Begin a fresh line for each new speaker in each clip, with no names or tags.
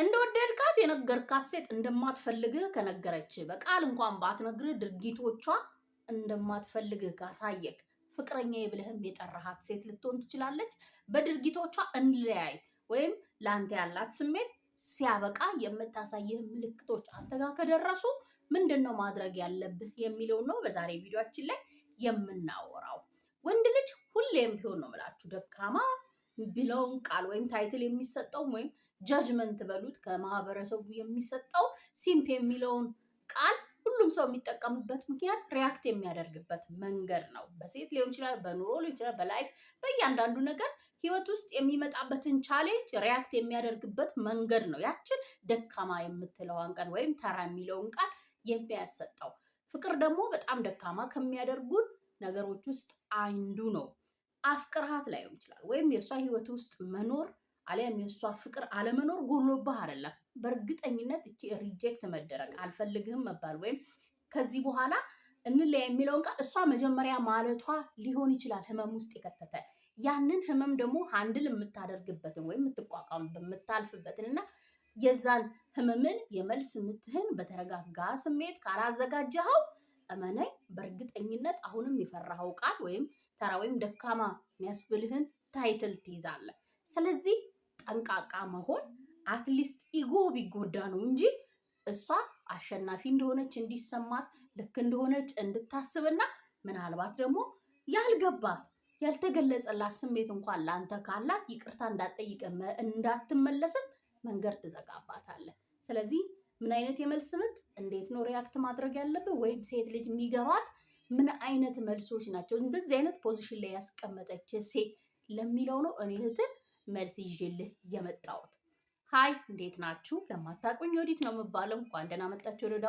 እንደወደድካት የነገርካት ሴት እንደማትፈልግህ ከነገረች በቃል እንኳን ባትነግርህ ድርጊቶቿ እንደማትፈልግህ ካሳየክ ፍቅረኛ የብለህም የጠራሃት ሴት ልትሆን ትችላለች። በድርጊቶቿ እንለያይ ወይም ለአንተ ያላት ስሜት ሲያበቃ የምታሳይህ ምልክቶች አንተ ጋር ከደረሱ ምንድን ነው ማድረግ ያለብህ የሚለው ነው በዛሬ ቪዲዮችን ላይ የምናወራው። ወንድ ልጅ ሁሌም ቢሆን ነው የምላችሁ ደካማ ብለውን ቃል ወይም ታይትል የሚሰጠውም ወይም ጃጅመንት በሉት ከማህበረሰቡ የሚሰጠው ሲምፕ የሚለውን ቃል ሁሉም ሰው የሚጠቀምበት ምክንያት ሪያክት የሚያደርግበት መንገድ ነው። በሴት ሊሆን ይችላል፣ በኑሮ ሊሆን ይችላል፣ በላይፍ በእያንዳንዱ ነገር ህይወት ውስጥ የሚመጣበትን ቻሌንጅ ሪያክት የሚያደርግበት መንገድ ነው። ያችን ደካማ የምትለዋን ቀን ወይም ተራ የሚለውን ቃል የሚያሰጠው ፍቅር ደግሞ በጣም ደካማ ከሚያደርጉን ነገሮች ውስጥ አንዱ ነው። አፍቅርሃት ላይሆን ይችላል ወይም የእሷ ህይወት ውስጥ መኖር አሊያም የእሷ ፍቅር አለመኖር ጎሎብህ አይደለም። በእርግጠኝነት እቺ ሪጀክት መደረግ አልፈልግህም መባል ወይም ከዚህ በኋላ እንለያ የሚለውን ቃል እሷ መጀመሪያ ማለቷ ሊሆን ይችላል ህመም ውስጥ የከተተ ያንን ህመም ደግሞ ሀንድል የምታደርግበትን ወይም የምትቋቋምበት የምታልፍበትን እና የዛን ህመምን የመልስ ምትህን በተረጋጋ ስሜት ካላዘጋጀኸው እመነኝ በእርግጠኝነት አሁንም የፈራኸው ቃል ወይም ተራ ወይም ደካማ የሚያስብልህን ታይትል ትይዛለህ። ስለዚህ ጠንቃቃ መሆን አትሊስት ኢጎ ቢጎዳ ነው እንጂ እሷ አሸናፊ እንደሆነች እንዲሰማት ልክ እንደሆነች እንድታስብና ምናልባት ደግሞ ያልገባት ያልተገለጸላት ስሜት እንኳን ለአንተ ካላት ይቅርታ እንዳትጠይቅ እንዳትመለስም መንገድ ትዘጋባታለህ። ስለዚህ ምን አይነት የመልስ ምት፣ እንዴት ነው ሪያክት ማድረግ ያለብህ፣ ወይም ሴት ልጅ የሚገባት ምን አይነት መልሶች ናቸው እንደዚህ አይነት ፖዚሽን ላይ ያስቀመጠች ሴት ለሚለው ነው እኔ እህትህ መልስ ይዤልህ የመጣሁት። ሀይ እንዴት ናችሁ? ለማታውቁኝ ወዲት ነው የምባለው። እንኳን ደህና መጣችሁ ወደ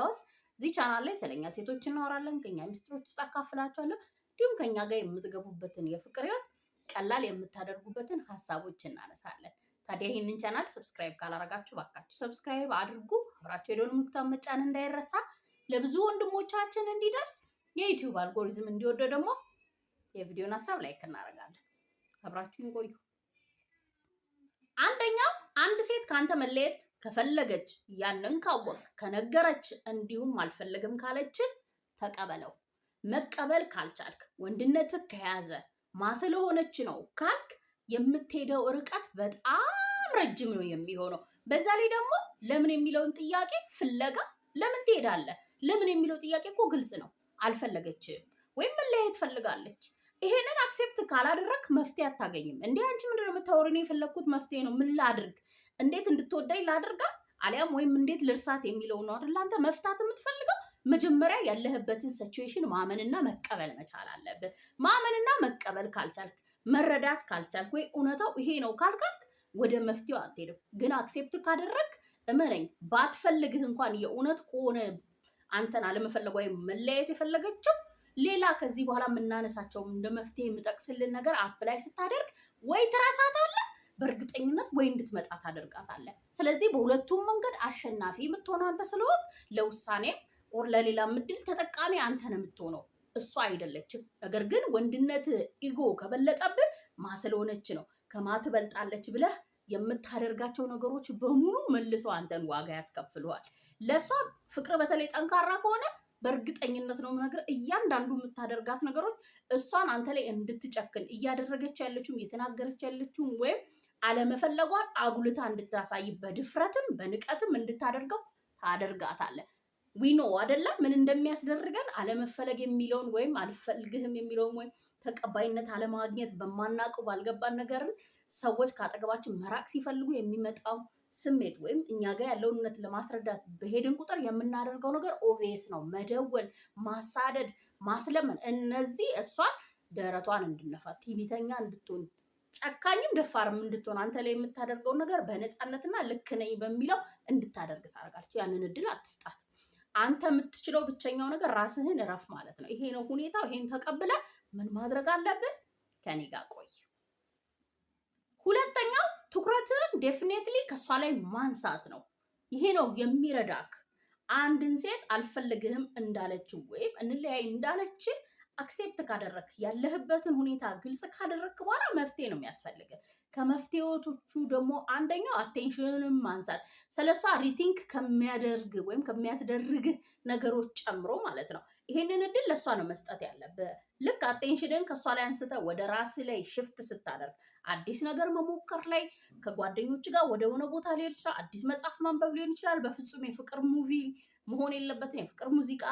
እዚህ ቻናል ላይ ስለኛ ሴቶች እናወራለን፣ ከኛ ሚስጥሮች ውስጥ አካፍላችኋለሁ። እንዲሁም ከኛ ጋር የምትገቡበትን የፍቅር ህይወት ቀላል የምታደርጉበትን ሀሳቦች እናነሳለን። ታዲያ ይህንን ቻናል ሰብስክራይብ ካላረጋችሁ ባካችሁ ሰብስክራይብ አድርጉ። አብራችሁ የደወል ምልክቱን መጫን እንዳይረሳ። ለብዙ ወንድሞቻችን እንዲደርስ የዩቲዩብ አልጎሪዝም እንዲወደው ደግሞ የቪዲዮን ሀሳብ ላይክ እናደርጋለን። አብራችሁን ቆዩ። አንድ ሴት ከአንተ መለየት ከፈለገች ያንን ካወቅ ከነገረች እንዲሁም አልፈለግም ካለች ተቀበለው። መቀበል ካልቻልክ ወንድነትህ ከያዘ ማስለሆነች ነው ካልክ የምትሄደው ርቀት በጣም ረጅም ነው የሚሆነው። በዛ ላይ ደግሞ ለምን የሚለውን ጥያቄ ፍለጋ ለምን ትሄዳለህ? ለምን የሚለው ጥያቄ እኮ ግልጽ ነው። አልፈለገችም ወይም መለያየት ፈልጋለች። ይሄንን አክሴፕት ካላደረግ መፍትሄ አታገኝም። እንዴ አንቺ ምንድነው የምታወሪው? እኔ የፈለግኩት መፍትሄ ነው። ምን ላድርግ? እንዴት እንድትወዳኝ ላድርጋ? አሊያም ወይም እንዴት ልርሳት የሚለው ነው አይደል? አንተ መፍታት የምትፈልገው መጀመሪያ ያለህበትን ሲቹዌሽን ማመንና መቀበል መቻል አለብህ። ማመንና መቀበል ካልቻልክ፣ መረዳት ካልቻልክ፣ ወይ እውነታው ይሄ ነው ካልካልክ ወደ መፍትሄው አትሄድም። ግን አክሴፕት ካደረግ እመነኝ፣ ባትፈልግህ እንኳን የእውነት ከሆነ አንተን አለመፈለግ ወይም መለያየት የፈለገችው ሌላ ከዚህ በኋላ የምናነሳቸው እንደ መፍትሄ የምጠቅስልን ነገር አፕ ላይ ስታደርግ ወይ ትረሳታለህ በእርግጠኝነት ወይ እንድትመጣ ታደርጋታለህ። ስለዚህ በሁለቱም መንገድ አሸናፊ የምትሆነው አንተ ስለሆን ለውሳኔም ኦር ለሌላ ምድል ተጠቃሚ አንተ ነው የምትሆነው እሷ አይደለችም። ነገር ግን ወንድነት ኢጎ ከበለጠብህ ማ ስለሆነች ነው ከማ ትበልጣለች ብለህ የምታደርጋቸው ነገሮች በሙሉ መልሰው አንተን ዋጋ ያስከፍለዋል። ለእሷ ፍቅር በተለይ ጠንካራ ከሆነ በእርግጠኝነት ነው ነገር እያንዳንዱ የምታደርጋት ነገሮች እሷን አንተ ላይ እንድትጨክን እያደረገች ያለችውም እየተናገረች ያለችውም ወይም አለመፈለጓን አጉልታ እንድታሳይ በድፍረትም በንቀትም እንድታደርገው ታደርጋታለህ። ዊኖ አደላ ምን እንደሚያስደርገን አለመፈለግ የሚለውን ወይም አልፈልግህም የሚለውን ወይም ተቀባይነት አለማግኘት በማናውቀው ባልገባን ነገርን ሰዎች ከአጠገባችን መራቅ ሲፈልጉ የሚመጣው ስሜት ወይም እኛ ጋር ያለው እውነት ለማስረዳት በሄድን ቁጥር የምናደርገው ነገር ኦቪየስ ነው። መደወል፣ ማሳደድ፣ ማስለመን እነዚህ እሷን ደረቷን እንድነፋ ቲቪተኛ እንድትሆን ጨካኝም ደፋርም እንድትሆን አንተ ላይ የምታደርገውን ነገር በነፃነትና ልክ ነኝ በሚለው እንድታደርግ ታደርጋለች። ያንን እድል አትስጣት። አንተ የምትችለው ብቸኛው ነገር ራስህን እረፍ ማለት ነው። ይሄ ነው ሁኔታው። ይሄን ተቀብለ ምን ማድረግ አለብህ? ከኔ ጋር ቆይ ሁለተኛው ትኩረትን ዴፊኔትሊ ከእሷ ላይ ማንሳት ነው። ይሄ ነው የሚረዳክ። አንድን ሴት አልፈልግህም እንዳለችው ወይም እንለያይ እንዳለች አክሴፕት ካደረግ ያለህበትን ሁኔታ ግልጽ ካደረግክ በኋላ መፍትሄ ነው የሚያስፈልግ። ከመፍትሄዎቹ ደግሞ አንደኛው አቴንሽንን ማንሳት ስለሷ ሪቲንክ ከሚያደርግ ወይም ከሚያስደርግ ነገሮች ጨምሮ ማለት ነው። ይሄንን እድል ለእሷ ነው መስጠት ያለብህ። ልክ አቴንሽንን ከእሷ ላይ አንስተ ወደ ራስ ላይ ሽፍት ስታደርግ አዲስ ነገር መሞከር ላይ ከጓደኞች ጋር ወደ ሆነ ቦታ ሊሆን ይችላል። አዲስ መጽሐፍ ማንበብ ሊሆን ይችላል። በፍጹም የፍቅር ሙቪ መሆን የለበትም። የፍቅር ሙዚቃ፣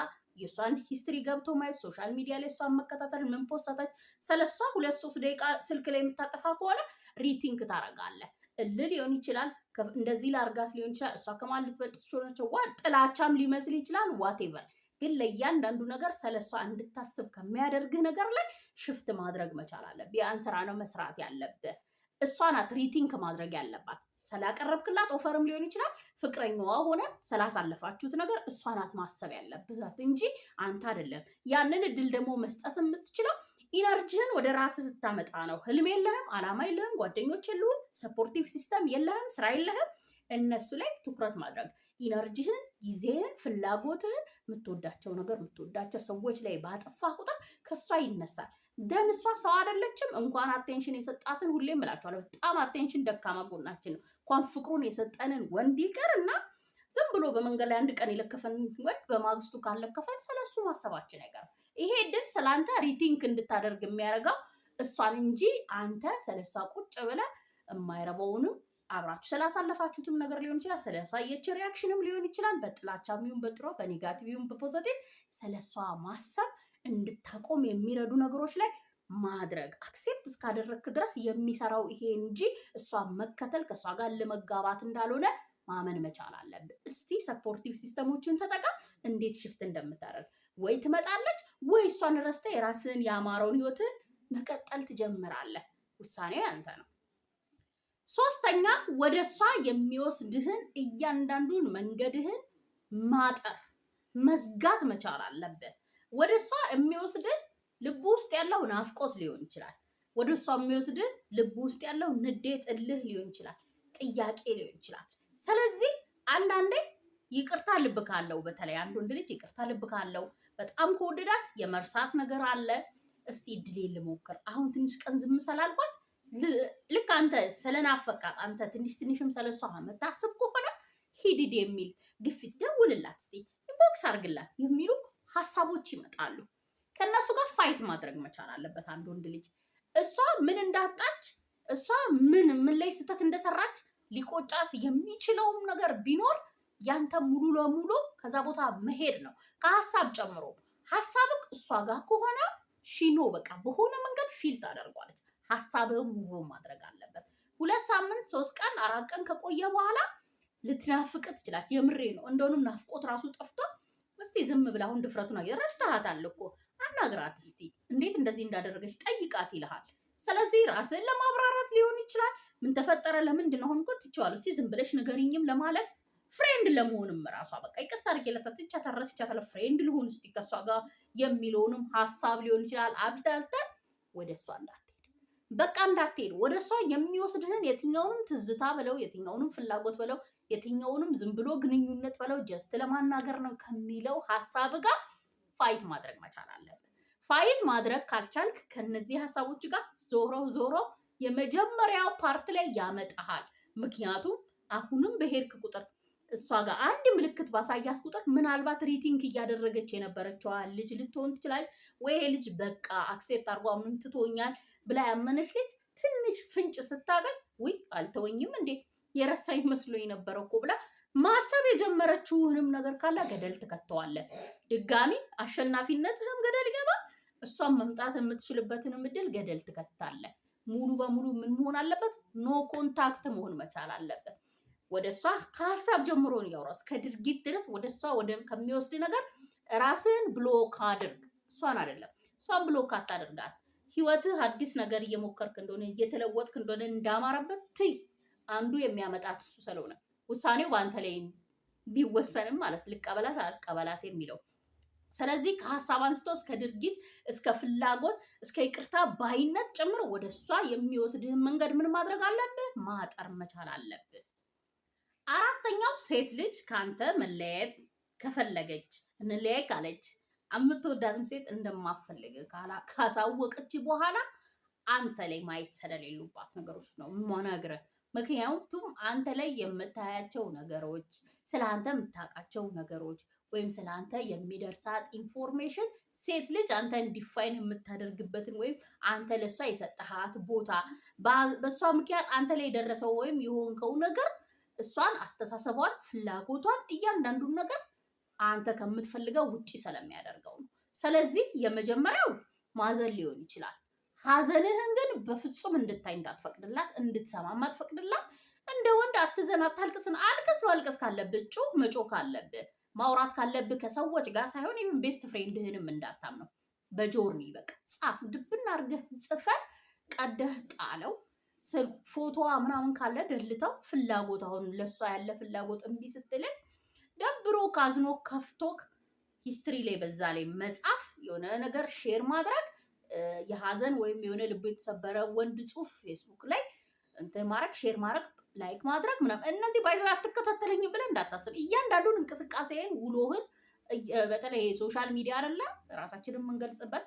የእሷን ሂስትሪ ገብቶ ማየት፣ ሶሻል ሚዲያ ላይ እሷን መከታተል፣ ምን ፖስታታች ስለሷ ሁለት ሶስት ደቂቃ ስልክ ላይ የምታጠፋ ከሆነ ሪቲንክ ታረጋለህ። እል ሊሆን ይችላል። እንደዚህ ላርጋት ሊሆን ይችላል። እሷ ከማን ልትበልጥ ትችላለች? ጥላቻም ሊመስል ይችላል። ዋቴቨር ግን ለእያንዳንዱ ነገር ስለሷ እንድታስብ ከሚያደርግህ ነገር ላይ ሽፍት ማድረግ መቻል አለብህ። ያን ስራ ነው መስራት ያለብህ። እሷ ናት ሪቲንክ ማድረግ ያለባት ስላቀረብክላት ኦፈርም ሊሆን ይችላል ፍቅረኛዋ ሆነ ስላሳለፋችሁት ነገር እሷ ናት ማሰብ ያለብህ እንጂ አንተ አይደለም። ያንን እድል ደግሞ መስጠት የምትችለው ኢነርጂህን ወደ ራስ ስታመጣ ነው። ህልም የለህም፣ አላማ የለህም፣ ጓደኞች የሉህም፣ ሰፖርቲቭ ሲስተም የለህም፣ ስራ የለህም። እነሱ ላይ ትኩረት ማድረግ ኢነርጂህን፣ ጊዜህን፣ ፍላጎትህን የምትወዳቸው ነገር የምትወዳቸው ሰዎች ላይ ባጠፋ ቁጥር ከእሷ ይነሳል። ደን እሷ ሰው አይደለችም። እንኳን አቴንሽን የሰጣትን ሁሌም እላቸዋለሁ፣ በጣም አቴንሽን ደካማ ጎናችን ነው። እንኳን ፍቅሩን የሰጠንን ወንድ ይቅር እና ዝም ብሎ በመንገድ ላይ አንድ ቀን የለከፈን ወንድ በማግስቱ ካለከፈን ስለሱ ማሰባችን አይቀርም። ይሄ ድል ስለአንተ ሪቲንክ እንድታደርግ የሚያደርገው እሷን እንጂ አንተ ስለሷ ቁጭ ብለ የማይረበውንም አብራችሁ ስላሳለፋችሁትም ነገር ሊሆን ይችላል፣ ስለሳየች ሪያክሽንም ሊሆን ይችላል። በጥላቻ ይሁን በጥሮ በኔጋቲቭ ይሁን በፖዘቲቭ ስለሷ ማሰብ እንድታቆም የሚረዱ ነገሮች ላይ ማድረግ አክሴፕት እስካደረግክ ድረስ የሚሰራው ይሄ እንጂ እሷን መከተል ከእሷ ጋር ለመጋባት እንዳልሆነ ማመን መቻል አለብ። እስቲ ሰፖርቲቭ ሲስተሞችን ተጠቀም፣ እንዴት ሽፍት እንደምታደርግ ወይ ትመጣለች ወይ እሷን ረስተ የራስህን የአማረውን ህይወትን መቀጠል ትጀምራለህ። ውሳኔ አንተ ነው። ሶስተኛ ወደ እሷ የሚወስድህን እያንዳንዱን መንገድህን ማጠር መዝጋት መቻል አለብህ። ወደ እሷ የሚወስድህ ልብ ውስጥ ያለው ናፍቆት ሊሆን ይችላል። ወደ እሷ የሚወስድህ ልብ ውስጥ ያለው ንዴት፣ እልህ ሊሆን ይችላል። ጥያቄ ሊሆን ይችላል። ስለዚህ አንዳንዴ ይቅርታ ልብ ካለው በተለይ አንድ ወንድ ልጅ ይቅርታ ልብ ካለው በጣም ከወደዳት የመርሳት ነገር አለ። እስቲ እድሌ ልሞክር፣ አሁን ትንሽ ቀን ዝም ስላልኳት ልክ አንተ ስለናፈቃት አንተ ትንሽ ትንሽም ስለሷ የምታስብ ከሆነ ሂድድ የሚል ግፊት ደውልላት፣ እስኪ ኢንቦክስ አርግላት የሚሉ ሀሳቦች ይመጣሉ። ከእነሱ ጋር ፋይት ማድረግ መቻል አለበት አንድ ወንድ ልጅ። እሷ ምን እንዳጣች እሷ ምን ምን ላይ ስህተት እንደሰራች ሊቆጫት የሚችለውም ነገር ቢኖር ያንተ ሙሉ ለሙሉ ከዛ ቦታ መሄድ ነው፣ ከሀሳብ ጨምሮ። ሀሳብ እሷ ጋር ከሆነ ሺኖ በቃ በሆነ መንገድ ፊልት አደርጓለች። ሀሳብህም ሙቮ ማድረግ አለበት። ሁለት ሳምንት ሶስት ቀን አራት ቀን ከቆየ በኋላ ልትናፍቅ ትችላለች። የምሬ ነው። እንደሆኑም ናፍቆት ራሱ ጠፍቶ እስቲ ዝም ብላ አሁን ድፍረቱን አየ ረስተሃታል እኮ አናግራት እስቲ እንዴት እንደዚህ እንዳደረገች ጠይቃት ይልሃል። ስለዚህ ራስን ለማብራራት ሊሆን ይችላል። ምን ተፈጠረ? ለምንድን ነው ሆንኩት? ትችዋለሁ እስቲ ዝም ብለሽ ንገሪኝም ለማለት ፍሬንድ ለመሆንም ራሷ በቃ ይቅርታ አድርጌላታለሁ ትቻታለሁ ረስቻታለሁ ፍሬንድ ልሁን እስቲ ከሷ ጋር የሚለውንም ሀሳብ ሊሆን ይችላል አብዳልተ ወደ እሷ እንዳት በቃ እንዳትሄድ ወደ እሷ የሚወስድህን የትኛውንም ትዝታ ብለው የትኛውንም ፍላጎት ብለው የትኛውንም ዝም ብሎ ግንኙነት ብለው ጀስት ለማናገር ነው ከሚለው ሀሳብ ጋር ፋይት ማድረግ መቻል አለብን። ፋይት ማድረግ ካልቻልክ ከነዚህ ሀሳቦች ጋር ዞሮ ዞሮ የመጀመሪያው ፓርት ላይ ያመጣሃል። ምክንያቱም አሁንም በሄድክ ቁጥር እሷ ጋር አንድ ምልክት ባሳያት ቁጥር ምናልባት ሪቲንክ እያደረገች የነበረችዋ ልጅ ልትሆን ትችላለች። ወይ ልጅ በቃ አክሴፕት አድርጎ ትቶኛል ብላ ያመነች ልጅ ትንሽ ፍንጭ ስታገል ውይ አልተወኝም እንዴ የረሳኝ መስሎኝ ነበረ እኮ ብላ ማሰብ የጀመረችውንም ነገር ካላ ገደል ትከተዋለህ። ድጋሚ አሸናፊነትህም ገደል ይገባል። እሷን መምጣት የምትችልበትንም እድል ገደል ትከታለህ። ሙሉ በሙሉ ምን መሆን አለበት? ኖ ኮንታክት መሆን መቻል አለበት። ወደ እሷ ከሀሳብ ጀምሮ ያውራ እስከ ድርጊት ድረስ ወደ እሷ ወደ ከሚወስድ ነገር ራስህን ብሎክ አድርግ። እሷን አይደለም፣ እሷን ብሎክ አታደርጋት። ህይወትህ አዲስ ነገር እየሞከርክ እንደሆነ እየተለወጥክ እንደሆነ እንዳማረበት ትይ። አንዱ የሚያመጣት እሱ ስለሆነ ውሳኔው በአንተ ላይ ቢወሰንም ማለት ልቀበላት አልቀበላት የሚለው ስለዚህ ከሀሳብ አንስቶ እስከ ድርጊት እስከ ፍላጎት እስከ ይቅርታ ባይነት ጭምር ወደ እሷ የሚወስድህን መንገድ ምን ማድረግ አለብህ? ማጠር መቻል አለብህ። አራተኛው ሴት ልጅ ከአንተ መለያየት ከፈለገች እንለያይ ካለች የምትወዳትም ሴት እንደማፈልግ ካሳወቀች በኋላ አንተ ላይ ማየት ስለሌሉባት ነገሮች ነው የምነግርህ። ምክንያቱም አንተ ላይ የምታያቸው ነገሮች፣ ስለ አንተ የምታውቃቸው ነገሮች ወይም ስለ አንተ የሚደርሳት ኢንፎርሜሽን ሴት ልጅ አንተ እንዲፋይን የምታደርግበትን ወይም አንተ ለእሷ የሰጠሃት ቦታ በእሷ ምክንያት አንተ ላይ የደረሰው ወይም የሆንከው ነገር እሷን አስተሳሰቧን፣ ፍላጎቷን፣ እያንዳንዱን ነገር አንተ ከምትፈልገው ውጪ ስለሚያደርገው ነው። ስለዚህ የመጀመሪያው ማዘን ሊሆን ይችላል። ሀዘንህን ግን በፍጹም እንድታይ እንዳትፈቅድላት፣ እንድትሰማ ማትፈቅድላት። እንደ ወንድ አትዘን፣ አታልቅስን። አልቅስ አልቅስ ካለብህ ጩ መጮ ካለብህ ማውራት ካለብህ ከሰዎች ጋር ሳይሆን ይህም ቤስት ፍሬንድህንም እንዳታም ነው። በጆርኒ በቃ ጻፍ፣ ድብን አድርገህ ጽፈ ቀደህ ጣለው። ፎቶዋ ምናምን ካለ ደልተው ፍላጎት አሁን ለእሷ ያለ ፍላጎት እምቢ ስትልህ አዝኖ ከፍቶክ ሂስትሪ ላይ በዛ ላይ መጻፍ የሆነ ነገር ሼር ማድረግ የሀዘን ወይም የሆነ ልብ የተሰበረ ወንድ ጽሁፍ ፌስቡክ ላይ እንትን ማድረግ ሼር ማድረግ ላይክ ማድረግ ምናምን እነዚህ ባይዘው አትከታተለኝ ብለን እንዳታስብ። እያንዳንዱን እንቅስቃሴን ውሎህን፣ በተለይ ሶሻል ሚዲያ አይደለ ራሳችንን የምንገልጽበት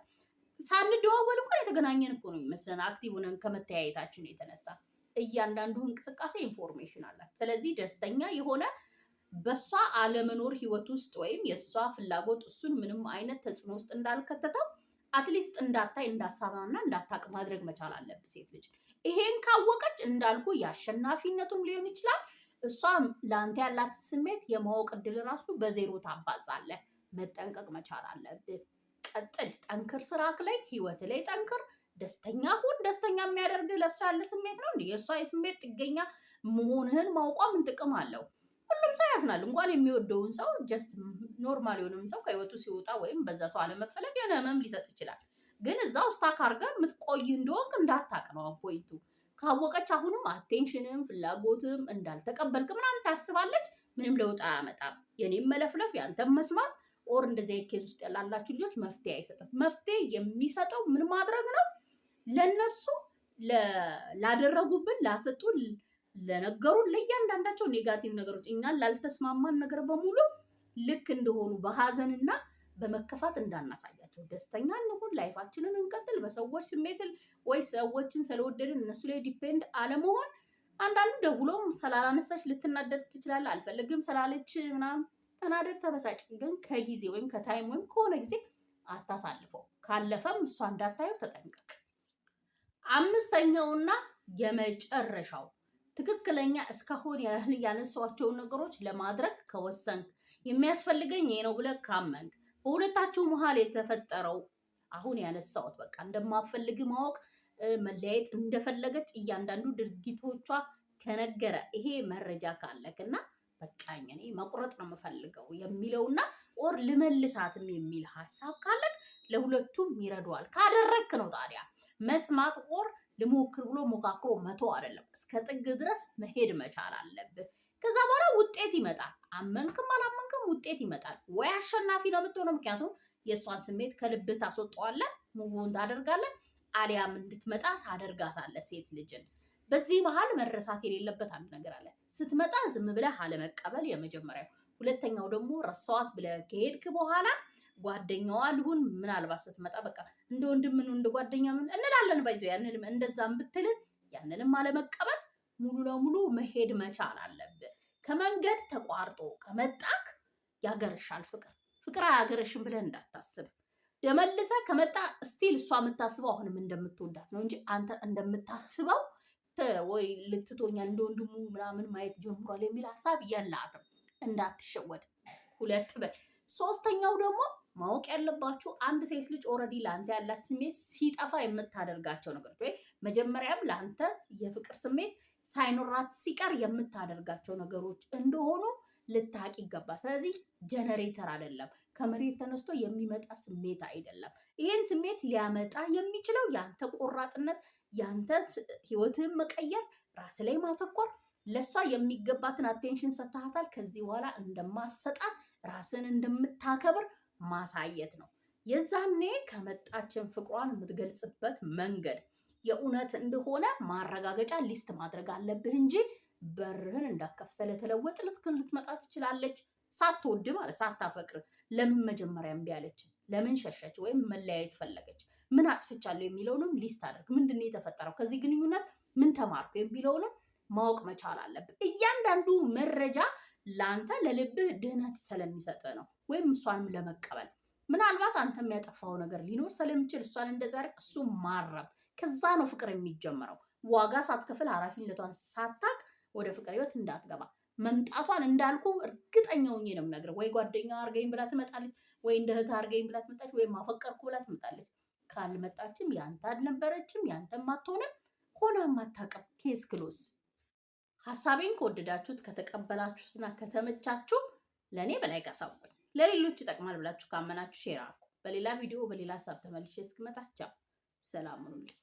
ሳንደዋወል እንኳን የተገናኘን እኮ ነው የሚመስለን አክቲቭ ሆነን ከመተያየታችን የተነሳ እያንዳንዱ እንቅስቃሴ ኢንፎርሜሽን አላት። ስለዚህ ደስተኛ የሆነ በእሷ አለመኖር ህይወት ውስጥ ወይም የእሷ ፍላጎት እሱን ምንም አይነት ተጽዕኖ ውስጥ እንዳልከተተው አትሊስት እንዳታይ እንዳሳባና እንዳታቅ ማድረግ መቻል አለብ ሴት ልጅ። ይሄን ካወቀች እንዳልኩ የአሸናፊነቱም ሊሆን ይችላል እሷ ለአንተ ያላት ስሜት የማወቅ እድል ራሱ በዜሮ ታባዛለህ። መጠንቀቅ መቻል አለብህ። ቀጥል፣ ጠንክር፣ ስራክ ላይ ህይወት ላይ ጠንክር፣ ደስተኛ ሁን። ደስተኛ የሚያደርግ ለእሷ ያለ ስሜት ነው። የእሷ የስሜት ጥገኛ መሆንህን ማውቋ ምን ጥቅም አለው? ሁሉም ሰው ያዝናል። እንኳን የሚወደውን ሰው ጀስት ኖርማል የሆነውን ሰው ከህይወቱ ሲወጣ ወይም በዛ ሰው አለመፈለግ የሆነ ህመም ሊሰጥ ይችላል። ግን እዛ ውስታ ካርገ የምትቆይ እንደወቅ እንዳታቅ ነው አፖይንቱ። ካወቀች አሁንም አቴንሽንም ፍላጎትም እንዳልተቀበልክ ምናምን ታስባለች። ምንም ለውጥ አያመጣም። የኔም መለፍለፍ ያንተም መስማት ኦር እንደዚህ ኬዝ ውስጥ ያላላችሁ ልጆች መፍትሄ አይሰጥም። መፍትሄ የሚሰጠው ምን ማድረግ ነው? ለነሱ ላደረጉብን ላሰጡን ለነገሩ ለእያንዳንዳቸው ኔጋቲቭ ነገሮች እኛ ላልተስማማን ነገር በሙሉ ልክ እንደሆኑ በሀዘንና በመከፋት እንዳናሳያቸው ደስተኛ እንሁን፣ ላይፋችንን እንቀጥል። በሰዎች ስሜት ወይ ሰዎችን ስለወደድን እነሱ ላይ ዲፔንድ አለመሆን። አንዳንዱ ደውሎም ስላላነሳች ልትናደድ ትችላለ። አልፈልግም ስላለች ምናምን ተናደድ፣ ተበሳጭ። ግን ከጊዜ ወይም ከታይም ወይም ከሆነ ጊዜ አታሳልፈው። ካለፈም እሷ እንዳታየው ተጠንቀቅ። አምስተኛውና የመጨረሻው ትክክለኛ እስካሁን ያህል ያነሷቸውን ነገሮች ለማድረግ ከወሰንክ የሚያስፈልገኝ ይሄ ነው ብለህ ካመንክ በሁለታችሁ መሀል የተፈጠረው አሁን ያነሳሁት በቃ እንደማፈልግ ማወቅ መለያየት እንደፈለገች እያንዳንዱ ድርጊቶቿ ከነገረ ይሄ መረጃ ካለክ እና በቃኝ እኔ መቁረጥ ነው የምፈልገው የሚለውና ኦር ልመልሳትም የሚል ሀሳብ ካለክ ለሁለቱም ይረዷል። ካደረክ ነው ታዲያ መስማት ኦር ልሞክር ብሎ ሞካክሮ መቶ አይደለም፣ እስከ ጥግ ድረስ መሄድ መቻል አለብህ። ከዛ በኋላ ውጤት ይመጣል። አመንክም አላመንክም ውጤት ይመጣል። ወይ አሸናፊ ነው የምትሆነው፣ ምክንያቱም የእሷን ስሜት ከልብህ ታስወጠዋለህ፣ ሙቭን ታደርጋለህ፣ አሊያም እንድትመጣ ታደርጋታለህ ሴት ልጅን። በዚህ መሀል መረሳት የሌለበት አንድ ነገር አለ። ስትመጣ ዝም ብለህ አለመቀበል የመጀመሪያው። ሁለተኛው ደግሞ ረሳዋት ብለህ ከሄድክ በኋላ ጓደኛዋ ልሁን ምናልባት ስትመጣ በቃ እንደ ወንድም እንደ ጓደኛ ምን እንላለን ባይዞ ያንንም እንደዛም ብትልን ያንንም አለመቀበል ሙሉ ለሙሉ መሄድ መቻል አለብን። ከመንገድ ተቋርጦ ከመጣክ ያገረሻል ፍቅር ፍቅር አያገረሽም ብለን እንዳታስብ የመልሰ ከመጣ ስቲል እሷ የምታስበው አሁንም እንደምትወዳት ነው እንጂ አንተ እንደምታስበው ወይ ልትቶኛል እንደ ወንድሙ ምናምን ማየት ጀምሯል የሚል ሀሳብ የላትም። እንዳትሸወድ ሁለት በል ሶስተኛው ደግሞ ማወቅ ያለባችሁ አንድ ሴት ልጅ ኦልሬዲ ለአንተ ያላት ስሜት ሲጠፋ የምታደርጋቸው ነገሮች ወይ መጀመሪያም ለአንተ የፍቅር ስሜት ሳይኖራት ሲቀር የምታደርጋቸው ነገሮች እንደሆኑ ልታቅ ይገባል። ስለዚህ ጀነሬተር አይደለም፣ ከመሬት ተነስቶ የሚመጣ ስሜት አይደለም። ይሄን ስሜት ሊያመጣ የሚችለው የአንተ ቆራጥነት፣ የአንተ ህይወትህን መቀየር፣ ራስ ላይ ማተኮር፣ ለእሷ የሚገባትን አቴንሽን ሰታታል። ከዚህ በኋላ እንደማሰጣት ራስን እንደምታከብር ማሳየት ነው። የዛኔ ከመጣችን ፍቅሯን የምትገልጽበት መንገድ የእውነት እንደሆነ ማረጋገጫ ሊስት ማድረግ አለብህ እንጂ በርህን እንዳከፍሰለ ተለወጥ ልትክን ልትመጣ ትችላለች። ሳትወድ ማለት ሳታፈቅር ለምን መጀመሪያ እምቢ አለች? ለምን ሸሸች? ወይም መለያየት ፈለገች? ምን አጥፍቻለሁ የሚለውንም ሊስት አድርግ። ምንድን ነው የተፈጠረው? ከዚህ ግንኙነት ምን ተማርኩ የሚለውንም ማወቅ መቻል አለብህ። እያንዳንዱ መረጃ ለአንተ ለልብህ ድህነት ስለሚሰጥ ነው። ወይም እሷንም ለመቀበል ምናልባት አንተ የሚያጠፋው ነገር ሊኖር ስለሚችል እሷን እንደዛ ያደርግ እሱ ማረም። ከዛ ነው ፍቅር የሚጀምረው። ዋጋ ሳትከፍል ኃላፊነቷን ሳታቅ ወደ ፍቅር ህይወት እንዳትገባ መምጣቷን እንዳልኩ እርግጠኛ ሆኜ ነው የምነግርህ። ወይ ጓደኛ አርገኝ ብላ ትመጣለች፣ ወይ እንደ እህት አርገኝ ብላ ትመጣለች፣ ወይም አፈቀርኩ ብላ ትመጣለች። ካልመጣችም ያንተ አልነበረችም፣ ያንተም አትሆንም፣ ሆናም አታውቅም። ኬስ ክሎስ። ሀሳቤን ከወደዳችሁት ከተቀበላችሁትና ከተመቻችሁ ለእኔ በላይ ጋሳወኝ ለሌሎች ይጠቅማል ብላችሁ ካመናችሁ ሼር አርጉ። በሌላ ቪዲዮ በሌላ ሀሳብ ተመልሼ እስክመጣ ቻው፣ ሰላም ሁኑልኝ።